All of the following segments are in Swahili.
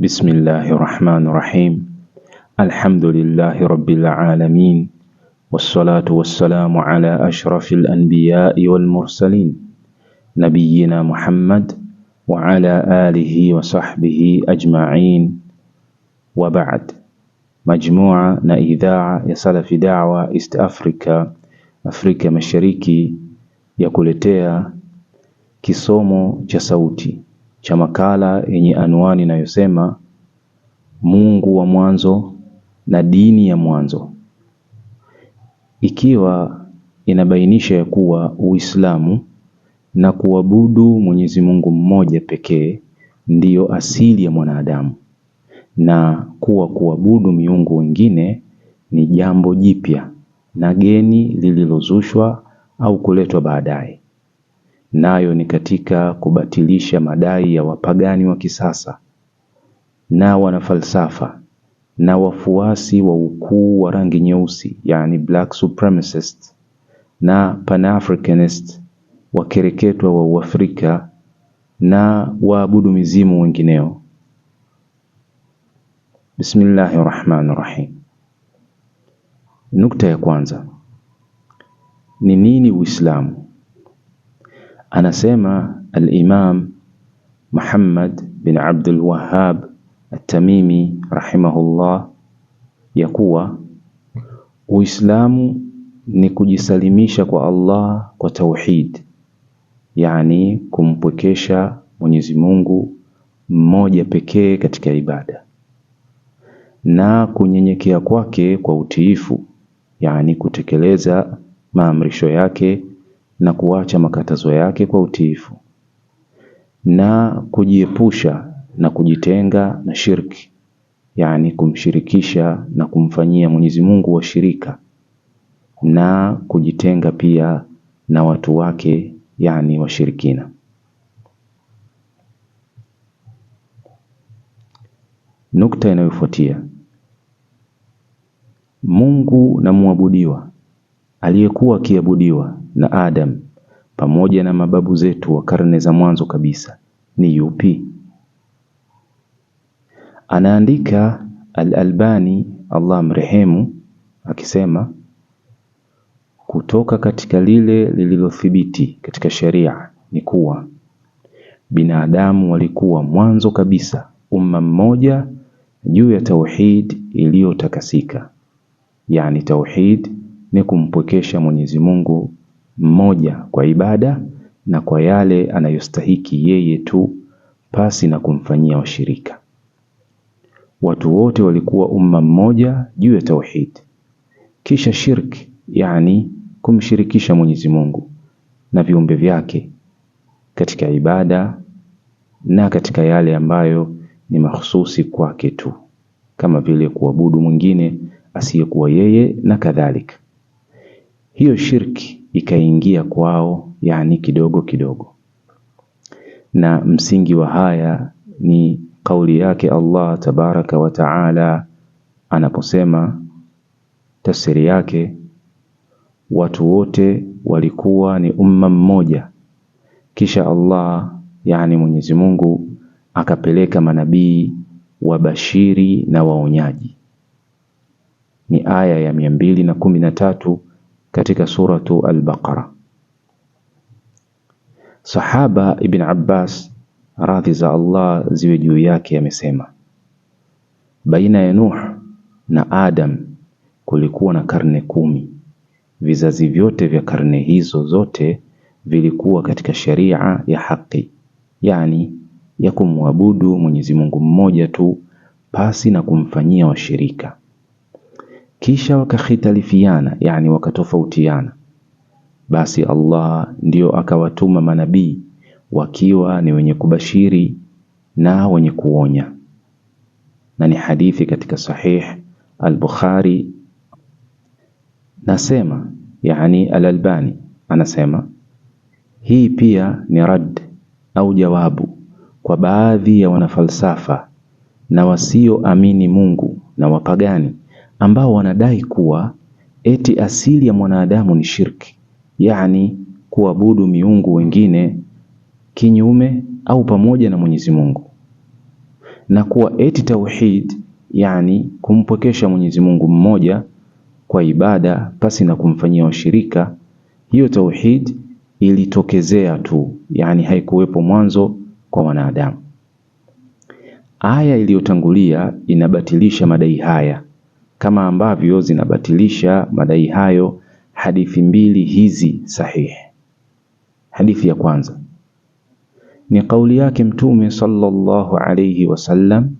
بسم الله الرحمن الرحيم الحمد لله رب العالمين والصلاة والسلام على أشرف الأنبياء والمرسلين نبينا محمد وعلى آله وصحبه أجمعين وبعد مجموعة نإذاعة يصل في دعوة إست أفريكا أفريكا مشريكي يقول تيا kuletea جسوتي cha makala yenye anwani inayosema Mungu wa mwanzo na dini ya mwanzo, ikiwa inabainisha ya kuwa Uislamu na kuabudu Mwenyezi Mungu mmoja pekee ndiyo asili ya mwanadamu na kuwa kuabudu miungu wengine ni jambo jipya na geni lililozushwa au kuletwa baadaye nayo ni katika kubatilisha madai ya wapagani wa kisasa na wanafalsafa na wafuasi wa ukuu wa rangi nyeusi, yani black supremacist na panafricanist, wakereketwa wa Uafrika na waabudu mizimu wengineo. Bismillahi rahmani rahim. Nukta ya kwanza ni nini Uislamu? Anasema al-Imam Muhammad bin Abdul Wahhab at-Tamimi rahimahullah ya kuwa Uislamu ni kujisalimisha kwa Allah kwa tauhid, yani kumpwekesha Mwenyezi Mungu mmoja pekee katika ibada na kunyenyekea kwake kwa utiifu, yani kutekeleza maamrisho yake na kuacha makatazo yake kwa utiifu na kujiepusha na kujitenga na shirki, yani kumshirikisha na kumfanyia Mwenyezi Mungu washirika na kujitenga pia na watu wake, yani washirikina. Nukta inayofuatia Mungu na muabudiwa aliyekuwa akiabudiwa na Adam pamoja na mababu zetu wa karne za mwanzo kabisa ni yupi? Anaandika Al-Albani Allah mrehemu akisema kutoka katika lile lililothibiti katika sharia ni kuwa binadamu walikuwa mwanzo kabisa umma mmoja juu ya tauhid iliyotakasika, yani tauhid ni kumpwekesha Mwenyezi Mungu mmoja kwa ibada na kwa yale anayostahiki yeye tu pasi na kumfanyia washirika. Watu wote walikuwa umma mmoja juu ya tauhid. Kisha shirki, yani kumshirikisha Mwenyezi Mungu na viumbe vyake katika ibada na katika yale ambayo ni mahususi kwake tu, kama vile kuabudu mwingine asiyekuwa yeye na kadhalika. Hiyo shirki ikaingia kwao, yani kidogo kidogo. Na msingi wa haya ni kauli yake Allah tabaraka wa taala anaposema, tafsiri yake, watu wote walikuwa ni umma mmoja, kisha Allah yani Mwenyezi Mungu akapeleka manabii wabashiri na waonyaji. Ni aya ya mia mbili na kumi na tatu katika suratu Al-Baqara. Sahaba Ibn Abbas radhi za Allah ziwe juu yake amesema, baina ya Nuh na Adam kulikuwa na karne kumi. Vizazi vyote vya karne hizo zote vilikuwa katika sharia ya haki, yani ya kumwabudu Mwenyezi Mungu mmoja tu pasi na kumfanyia washirika kisha wakakhitalifiana, yani wakatofautiana. Basi Allah ndiyo akawatuma manabii wakiwa ni wenye kubashiri na wenye kuonya, na ni hadithi katika Sahih al-Bukhari. Nasema yani al-Albani anasema hii pia ni rad au jawabu kwa baadhi ya wanafalsafa na wasioamini Mungu na wapagani ambao wanadai kuwa eti asili ya mwanadamu ni shirki, yani kuabudu miungu wengine kinyume au pamoja na Mwenyezi Mungu, na kuwa eti tauhid, yani kumpwekesha Mwenyezi Mungu mmoja kwa ibada pasi na kumfanyia washirika, hiyo tauhid ilitokezea tu, yani haikuwepo mwanzo kwa wanadamu. Aya iliyotangulia inabatilisha madai haya kama ambavyo zinabatilisha madai hayo hadithi mbili hizi sahihi. Hadithi ya kwanza ni kauli yake Mtume sallallahu alayhi wasallam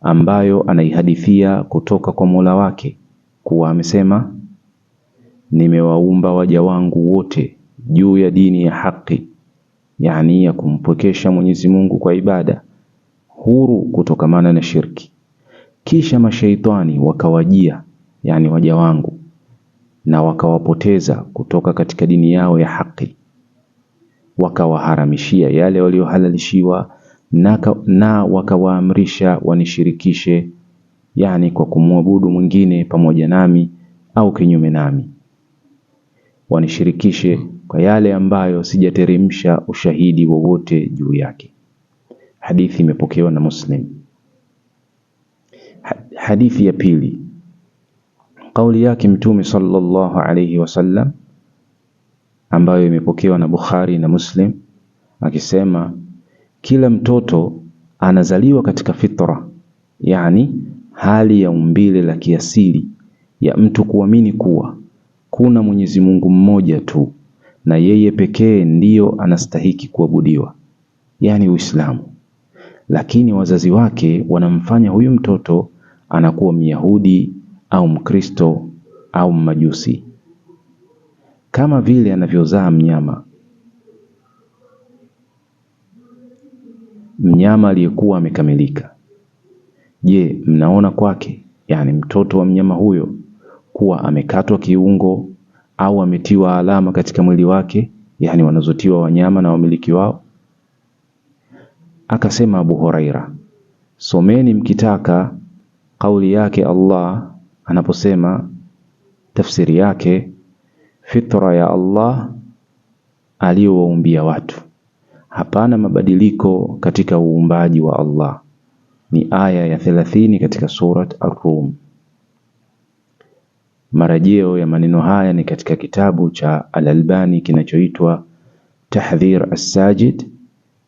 ambayo anaihadithia kutoka kwa Mola wake kuwa amesema, nimewaumba waja wangu wote juu ya dini ya haki, yani ya kumpwekesha Mwenyezi Mungu kwa ibada huru kutokamana na shirki kisha mashaitani wakawajia, yani waja wangu, na wakawapoteza kutoka katika dini yao ya haki, wakawaharamishia yale waliohalalishiwa na, na wakawaamrisha wanishirikishe, yani kwa kumwabudu mwingine pamoja nami au kinyume nami, wanishirikishe kwa yale ambayo sijateremsha ushahidi wowote juu yake. Hadithi imepokewa na Muslim. Hadithi ya pili, kauli yake Mtume sallallahu alayhi wasallam ambayo imepokewa na Bukhari na Muslim akisema, kila mtoto anazaliwa katika fitra, yani hali ya umbile la kiasili ya mtu kuamini kuwa kuna Mwenyezi Mungu mmoja tu na yeye pekee ndiyo anastahiki kuabudiwa, yani Uislamu lakini wazazi wake wanamfanya huyu mtoto anakuwa Myahudi au Mkristo au majusi kama vile anavyozaa mnyama. Mnyama aliyekuwa amekamilika. Je, mnaona kwake, yaani mtoto wa mnyama huyo kuwa amekatwa kiungo au ametiwa alama katika mwili wake, yaani wanazotiwa wanyama na wamiliki wao? Akasema Abu Huraira, someni mkitaka kauli yake Allah anaposema, tafsiri yake fitra ya Allah aliyowaumbia watu. Hapana mabadiliko katika uumbaji wa Allah. Ni aya ya 30 katika Surat Ar-Rum. Marajeo ya maneno haya ni katika kitabu cha Al-Albani kinachoitwa Tahdhir As-Sajid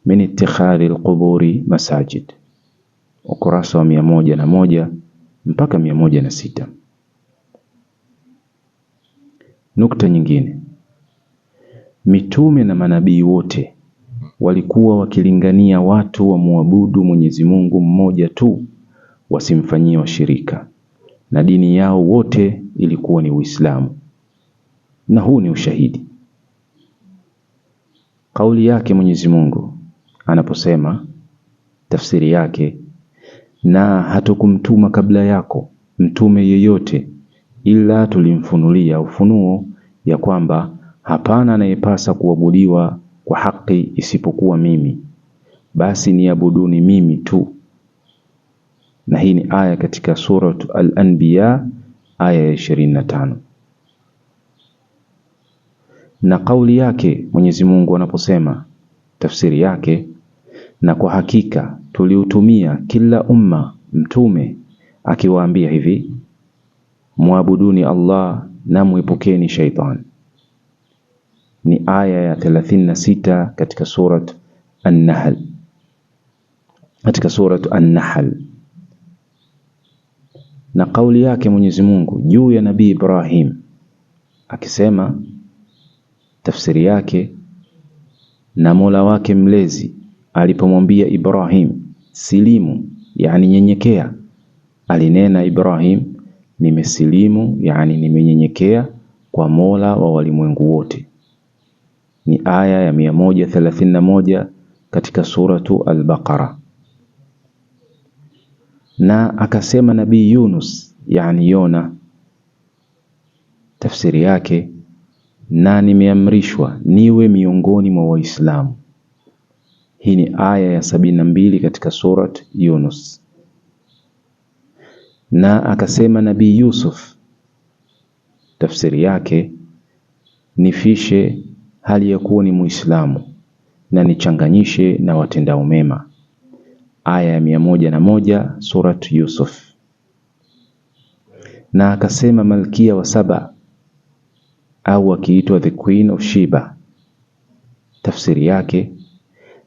min ittikhadhi alquburi masajid, ukurasa wa mia moja na moja mpaka mia moja na sita. Nukta nyingine, mitume na manabii wote walikuwa wakilingania watu muabudu Mwenyezi Mungu mmoja tu, wasimfanyie washirika, na dini yao wote ilikuwa ni Uislamu, na huu ni ushahidi. Kauli yake Mwenyezi Mungu anaposema tafsiri yake, na hatukumtuma kabla yako mtume yeyote ila tulimfunulia ufunuo ya kwamba hapana anayepasa kuabudiwa kwa haki isipokuwa mimi, basi niabuduni mimi tu. Na hii ni aya katika Surat Al-Anbiya aya ya 25. Na kauli yake Mwenyezi Mungu anaposema tafsiri yake na kwa hakika tuliutumia kila umma mtume akiwaambia hivi: muabuduni Allah na mwepukeni shaitan. Ni aya ya 36 katika surat An-Nahl, katika surat An-Nahl. Na kauli yake Mwenyezi Mungu juu ya Nabii Ibrahim akisema, tafsiri yake na Mola wake mlezi alipomwambia Ibrahim silimu, yani nyenyekea, alinena Ibrahim, nimesilimu, yani nimenyenyekea kwa Mola wa walimwengu wote. Ni aya ya 131 katika suratu Al-Baqara. Na akasema Nabii Yunus, yani Yona, tafsiri yake, na nimeamrishwa niwe miongoni mwa Waislamu hii ni aya ya sabini na mbili katika Surat Yunus. Na akasema Nabii Yusuf, tafsiri yake nifishe hali ya kuwa ni Muislamu na nichanganyishe na watendao mema. Aya ya mia moja na moja Surat Yusuf. Na akasema Malkia wa Saba au akiitwa the Queen of Sheba, tafsiri yake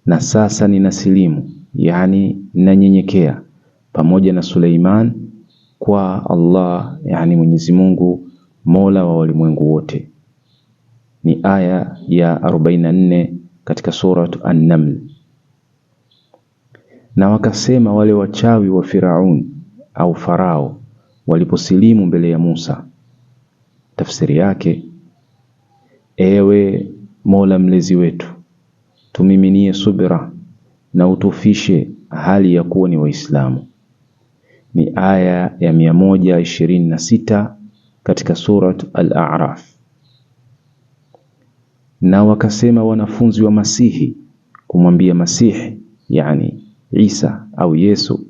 na sasa ninasilimu, yani nanyenyekea pamoja na Suleiman kwa Allah, yani Mwenyezi Mungu Mola wa walimwengu wote. Ni aya ya 44 katika sura An-Naml. Na wakasema wale wachawi wa Firaun au Farao waliposilimu mbele ya Musa, tafsiri yake, ewe Mola mlezi wetu tumiminie subira na utufishe hali ya kuwa ni Waislamu. Ni aya ya 126 katika Surat Al-A'raf. Na wakasema wanafunzi wa Masihi kumwambia Masihi, yani Isa au Yesu,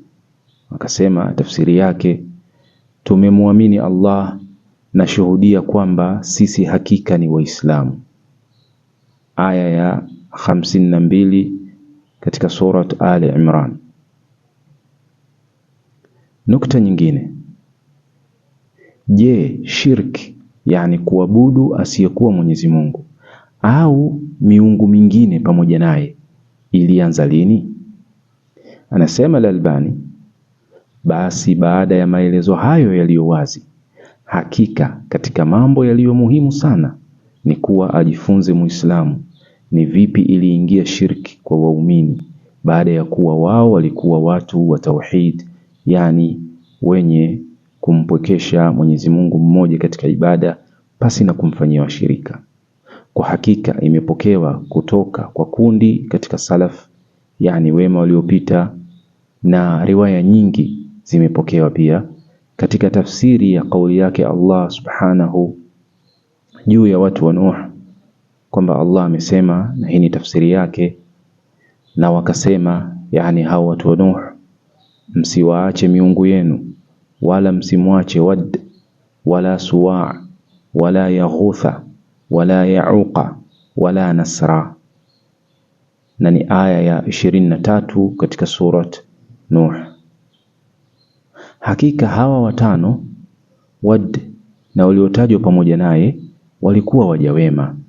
wakasema tafsiri yake, tumemwamini Allah na shuhudia kwamba sisi hakika ni Waislamu. Aya ya hamsini na mbili katika Surat Ali Imran. Nukta nyingine, je, shirki yani kuabudu asiyekuwa Mwenyezi Mungu au miungu mingine pamoja naye ilianza lini? Anasema Lalbani, basi baada ya maelezo hayo yaliyo wazi, hakika katika mambo yaliyo muhimu sana ni kuwa ajifunze Muislamu ni vipi iliingia shirki kwa waumini baada ya kuwa wao walikuwa watu wa tauhid, yani wenye kumpwekesha Mwenyezi Mungu mmoja katika ibada pasi na kumfanyia washirika. Kwa hakika imepokewa kutoka kwa kundi katika salaf, yani wema waliopita, na riwaya nyingi zimepokewa pia katika tafsiri ya kauli yake Allah subhanahu juu ya watu wa Nuh kwamba Allah amesema, na hii ni tafsiri yake, na wakasema, yani hao watu wa Nuh, msiwaache miungu yenu wala msimwache Wad wala Suwa wala Yaghutha wala Yauqa wala Nasra, na ni aya ya ishirini na tatu katika surat Nuh. Hakika hawa watano Wad na waliotajwa pamoja naye walikuwa wajawema wema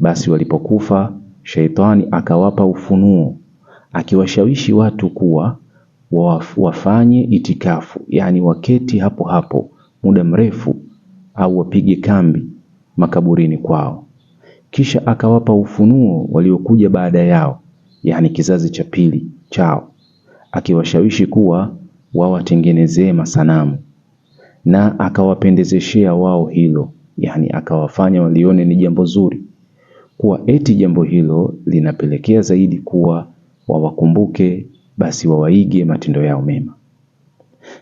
basi walipokufa, Sheitani akawapa ufunuo, akiwashawishi watu kuwa wafanye itikafu, yaani waketi hapo hapo muda mrefu, au wapige kambi makaburini kwao. Kisha akawapa ufunuo waliokuja baada yao, yaani kizazi cha pili chao, akiwashawishi kuwa wawatengenezee masanamu na akawapendezeshea wao hilo, yaani akawafanya walione ni jambo zuri kuwa eti jambo hilo linapelekea zaidi kuwa wawakumbuke basi wawaige matendo yao mema.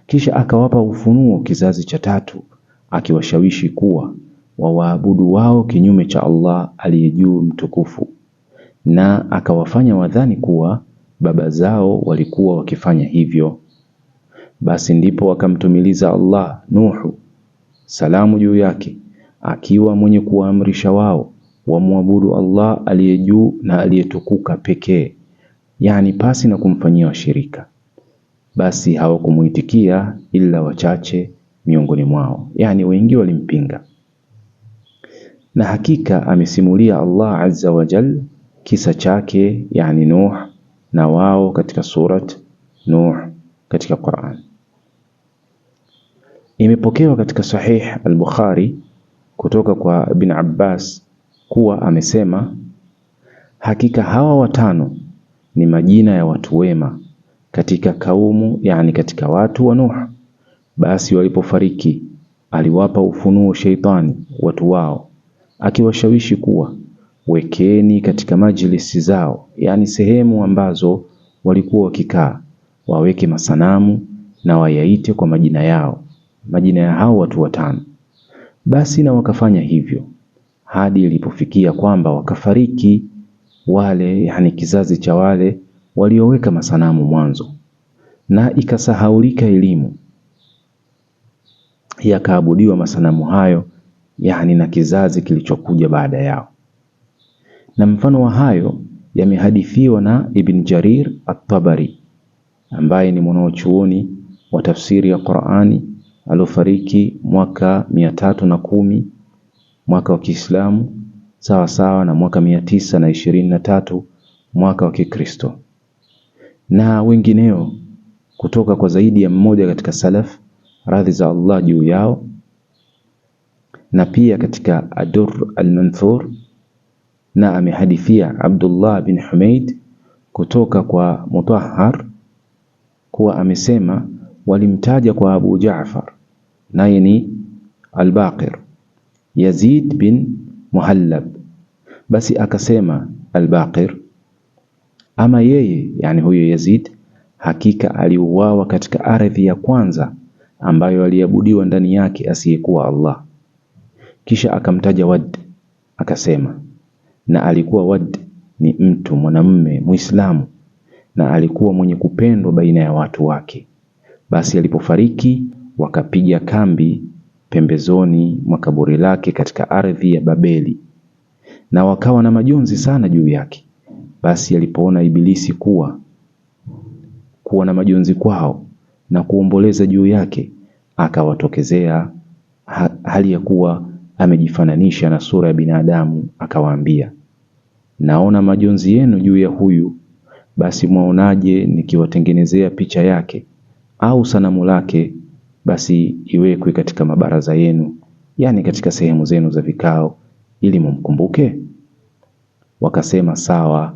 Kisha akawapa ufunuo kizazi cha tatu, akiwashawishi kuwa wawaabudu wao kinyume cha Allah aliye juu mtukufu, na akawafanya wadhani kuwa baba zao walikuwa wakifanya hivyo. Basi ndipo wakamtumiliza Allah Nuhu salamu juu yake, akiwa mwenye kuwaamrisha wao wamwabudu Allah aliye juu na aliyetukuka pekee, yani pasi na kumfanyia washirika. Basi hawakumuitikia ila wachache miongoni mwao, yani wengi walimpinga. Na hakika amesimulia Allah azza wa jal kisa chake, yani Nuh na wao katika surat Nuh katika Qur'an. Imepokewa katika Sahih al-Bukhari kutoka kwa Ibn Abbas kuwa amesema, hakika hawa watano ni majina ya watu wema katika kaumu, yani katika watu wa Nuh. Basi walipofariki aliwapa ufunuo sheitani watu wao, akiwashawishi kuwa wekeni katika majlisi zao, yani sehemu ambazo walikuwa wakikaa, waweke masanamu na wayaite kwa majina yao, majina ya hao watu watano. Basi na wakafanya hivyo hadi ilipofikia kwamba wakafariki wale, yani kizazi cha wale walioweka masanamu mwanzo, na ikasahaulika elimu, yakaabudiwa masanamu hayo, yani na kizazi kilichokuja baada yao. Na mfano wa hayo yamehadithiwa na Ibn Jarir At-Tabari ambaye ni mwanachuoni wa tafsiri ya Qur'ani aliofariki mwaka mia na kumi mwaka wa Kiislamu sawasawa na mwaka mia tisa na ishirini na tatu mwaka wa Kikristo na wengineo kutoka kwa zaidi ya mmoja katika salaf, radhi za Allah juu yao, na pia katika Adur al-Manthur, na amehadithia Abdullah bin Humaid kutoka kwa Mutahhar kuwa amesema walimtaja kwa Abu Jaafar, naye ni al-Baqir Yazid bin Muhallab. Basi akasema al-Baqir, ama yeye, yani huyo Yazid, hakika aliuawa katika ardhi ya kwanza ambayo aliabudiwa ndani yake asiyekuwa Allah. Kisha akamtaja Wad akasema, na alikuwa Wad ni mtu mwanamume Muislamu na alikuwa mwenye kupendwa baina ya watu wake. Basi alipofariki wakapiga kambi pembezoni mwa kaburi lake katika ardhi ya Babeli, na wakawa na majonzi sana juu yake. Basi alipoona Ibilisi kuwa kuwa na majonzi kwao na kuomboleza juu yake, akawatokezea ha, hali ya kuwa amejifananisha na sura ya binadamu, akawaambia, naona majonzi yenu juu ya huyu. Basi mwaonaje nikiwatengenezea picha yake au sanamu lake basi iwekwe katika mabaraza yenu, yani katika sehemu zenu za vikao, ili mumkumbuke. Wakasema sawa.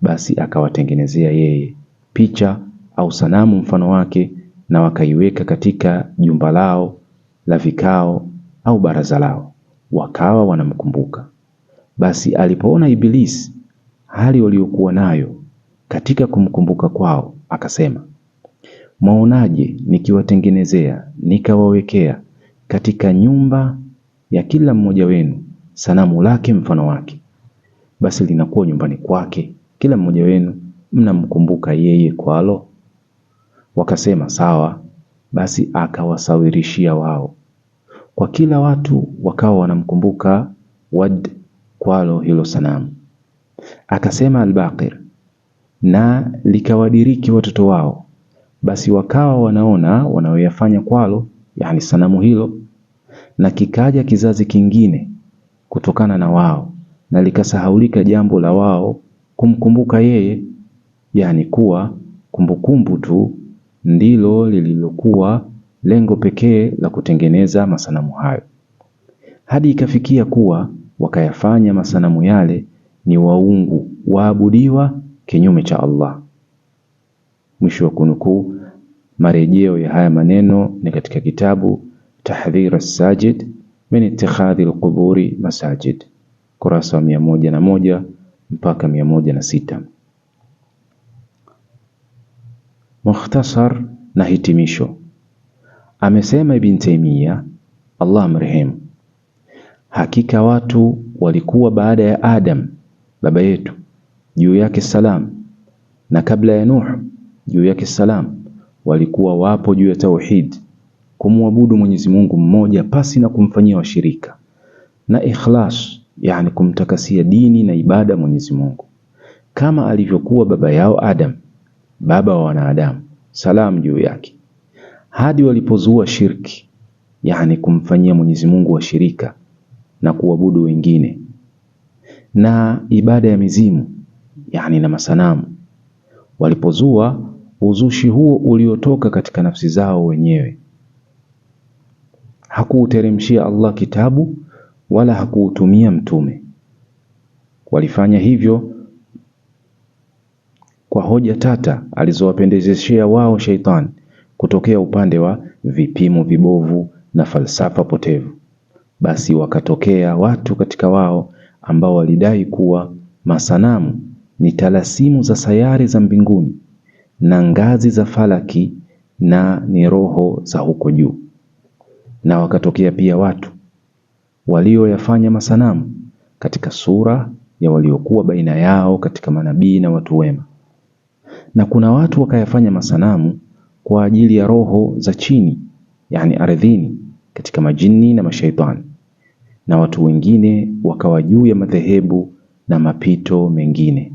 Basi akawatengenezea yeye picha au sanamu mfano wake, na wakaiweka katika jumba lao la vikao au baraza lao, wakawa wanamkumbuka. Basi alipoona Ibilisi hali waliokuwa nayo katika kumkumbuka kwao, akasema Mwaonaje nikiwatengenezea nikawawekea katika nyumba ya kila mmoja wenu sanamu lake mfano wake, basi linakuwa nyumbani kwake, kila mmoja wenu mnamkumbuka yeye kwalo? Wakasema sawa. Basi akawasawirishia wao, kwa kila watu wakawa wanamkumbuka Wad kwalo hilo sanamu. Akasema Albaqir, na likawadiriki watoto wao basi wakawa wanaona wanayoyafanya kwalo, yani sanamu hilo, na kikaja kizazi kingine kutokana na wao, na likasahaulika jambo la wao kumkumbuka yeye, yani kuwa kumbukumbu tu ndilo lililokuwa lengo pekee la kutengeneza masanamu hayo, hadi ikafikia kuwa wakayafanya masanamu yale ni waungu waabudiwa kinyume cha Allah. Mwisho wa kunukuu. Marejeo ya haya maneno ni katika kitabu Tahdhir As-Sajid min Ittikhadhi al Masajid, kurasa wa mia moja na moja mpaka mia moja na sita. Mukhtasar na hitimisho. Amesema Ibn Taymiyyah, Allah mrehemu, hakika watu walikuwa baada ya Adam baba yetu, juu yake salam, na kabla ya Nuh juu yake salam walikuwa wapo juu ya tauhid, kumwabudu Mwenyezi Mungu mmoja pasi na kumfanyia washirika, na ikhlas, yani kumtakasia dini na ibada Mwenyezi Mungu kama alivyokuwa baba yao Adam, baba wa wanadamu, salam juu yake, hadi walipozua shirki, yani kumfanyia Mwenyezi Mungu washirika na kuabudu wengine na ibada ya mizimu, yani na masanamu walipozua uzushi huo uliotoka katika nafsi zao wenyewe. Hakuuteremshia Allah kitabu wala hakuutumia mtume. Walifanya hivyo kwa hoja tata alizowapendezeshea wao sheitan kutokea upande wa vipimo vibovu na falsafa potevu. Basi wakatokea watu katika wao ambao walidai kuwa masanamu ni talasimu za sayari za mbinguni na ngazi za falaki na ni roho za huko juu. Na wakatokea pia watu walioyafanya masanamu katika sura ya waliokuwa baina yao katika manabii na watu wema, na kuna watu wakayafanya masanamu kwa ajili ya roho za chini, yani ardhini, katika majini na mashaitani, na watu wengine wakawa juu ya madhehebu na mapito mengine,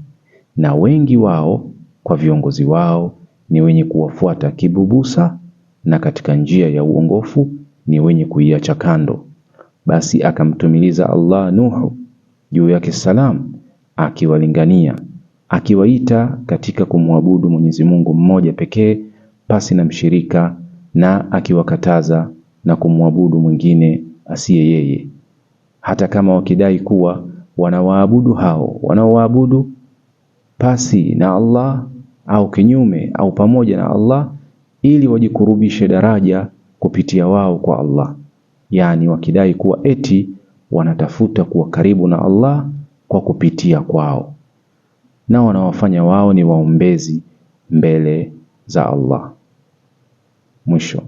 na wengi wao kwa viongozi wao ni wenye kuwafuata kibubusa na katika njia ya uongofu ni wenye kuiacha kando. Basi akamtumiliza Allah Nuhu juu yake salam, akiwalingania akiwaita katika kumwabudu Mwenyezi Mungu mmoja pekee pasi na mshirika, na akiwakataza na kumwabudu mwingine asiye yeye, hata kama wakidai kuwa wanawaabudu hao wanaowaabudu pasi na Allah au kinyume au pamoja na Allah ili wajikurubishe daraja kupitia wao kwa Allah, yaani wakidai kuwa eti wanatafuta kuwa karibu na Allah kwa kupitia kwao, na wanawafanya wao ni waombezi mbele za Allah. Mwisho.